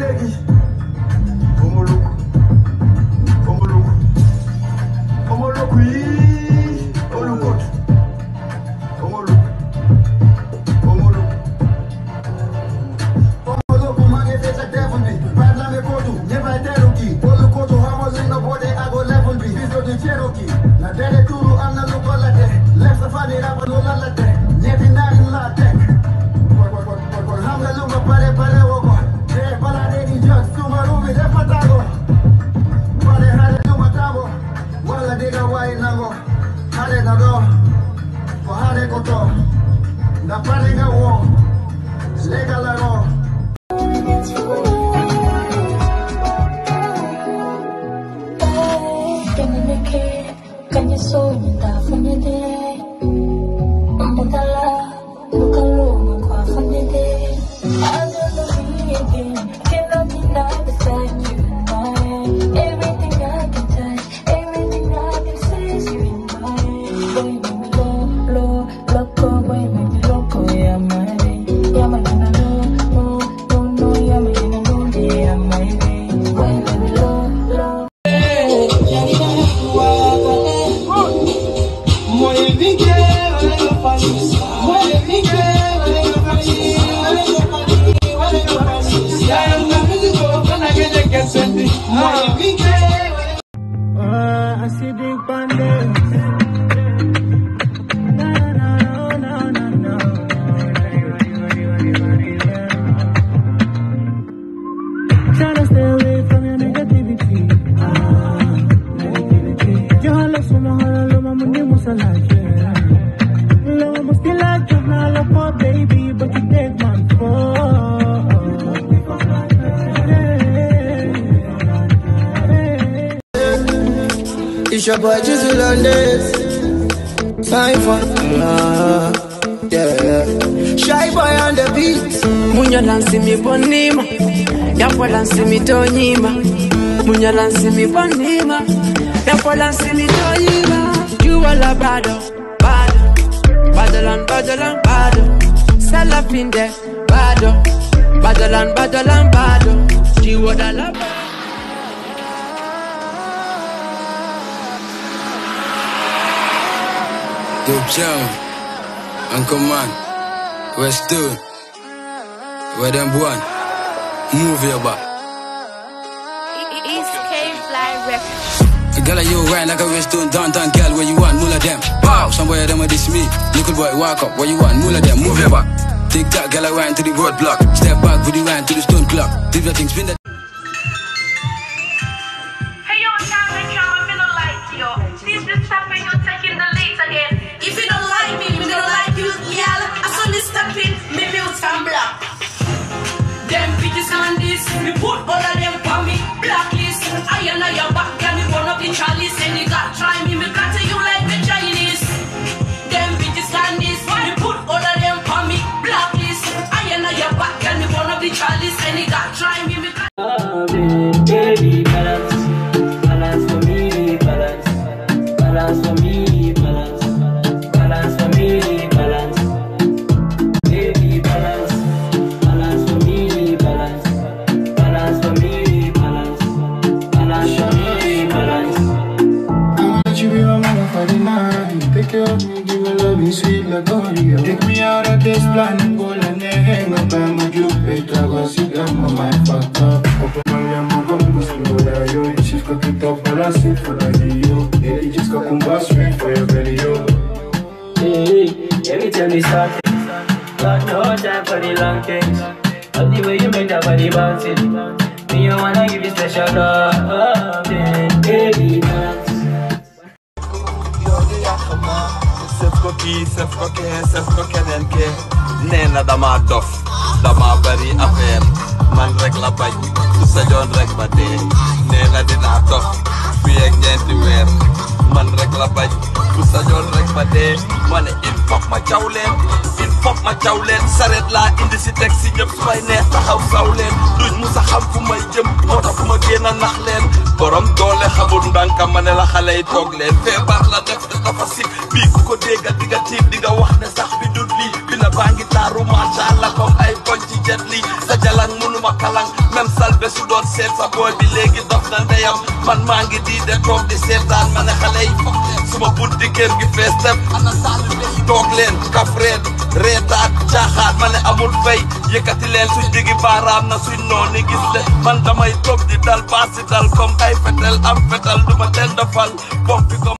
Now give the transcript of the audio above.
lady. Omoloku. Omoloku. Omoloku yìí. Olùkọ́tù. Omoloku. Omoloku. Omoloku man if it's a devil me. Bad na me kotu. Never Cherokee. Olùkọ́tù hammers in the body I go level me. Bizo di Cherokee. Na dere turu anna lukolate. Left safari rapa lulalate. Gracias. your boy Jizzle on this. Five one. Uh, yeah. Shy boy on the beat. Munya lansi mi bonima. Yapo lansi mi tonyima. Munya lansi mi bonima. Yapo lansi mi tonyima. You all a bado, bado. Badolan, badolan, bado. Sell up in there, bado. Badolan, badolan, bado. She would a love. Snoop John, Uncle Man, West Stone, where them born, move your back. East Cave Fly Records. A girl like you right like a West Stone, downtown girl, where you want, mula them. Wow, somewhere them with this me. Little boy, walk up, where you want, mula them, move your back. Take that girl, I wine to the roadblock. Step back with the wine to the stone clock. Did your thing, spin that. Gregorio. Take me out of this plan and go and then hang up and my juke. Hey, trago, si gama, my fuck up. Open my yam, go, muslim, go, yo. Chief, cook it up, but I sing for the yo. Lady, just got come, straight for your video. Hey, every time we start, got no time for the long things. Love the way you make that body bouncing. Me, I wanna give you special love. def ko kee ses ko kee nee dama dof dama bari affaire man rek la sa joon rek ma dee nee na dinaa dof fii weer man rek la bañ bu sañoon rek ma dé mané il faut ma jaw il faut ma jaw leen la indi ci tek ci ñep fay may neex taxaw saw duñ mu sa xam fu may jëm moo fu ma gëna nax leen borom doole xamul ndànka ma ne la xalé tok toog leen la def te dafa sib bi ku ko déggal diga nga diga wax né sax bi dul li bi na baa taru ma sha allah ko ay bon ci jet sa jalan munuma kalang du doon seet sa booy bi léegi dox na ndeyam man maa ngi di de toog di seetaan ma ne xale yi suma bunti kër gi fees tef ana saalu léegi toog leen kaf reen reetaat caaxaat ma ne amul fay yëkkati leen suñ digi baaraam na suñ nooni gis le man damay toog di dal baasi dal comme ay fetel am fetel du ma tel dafal bokk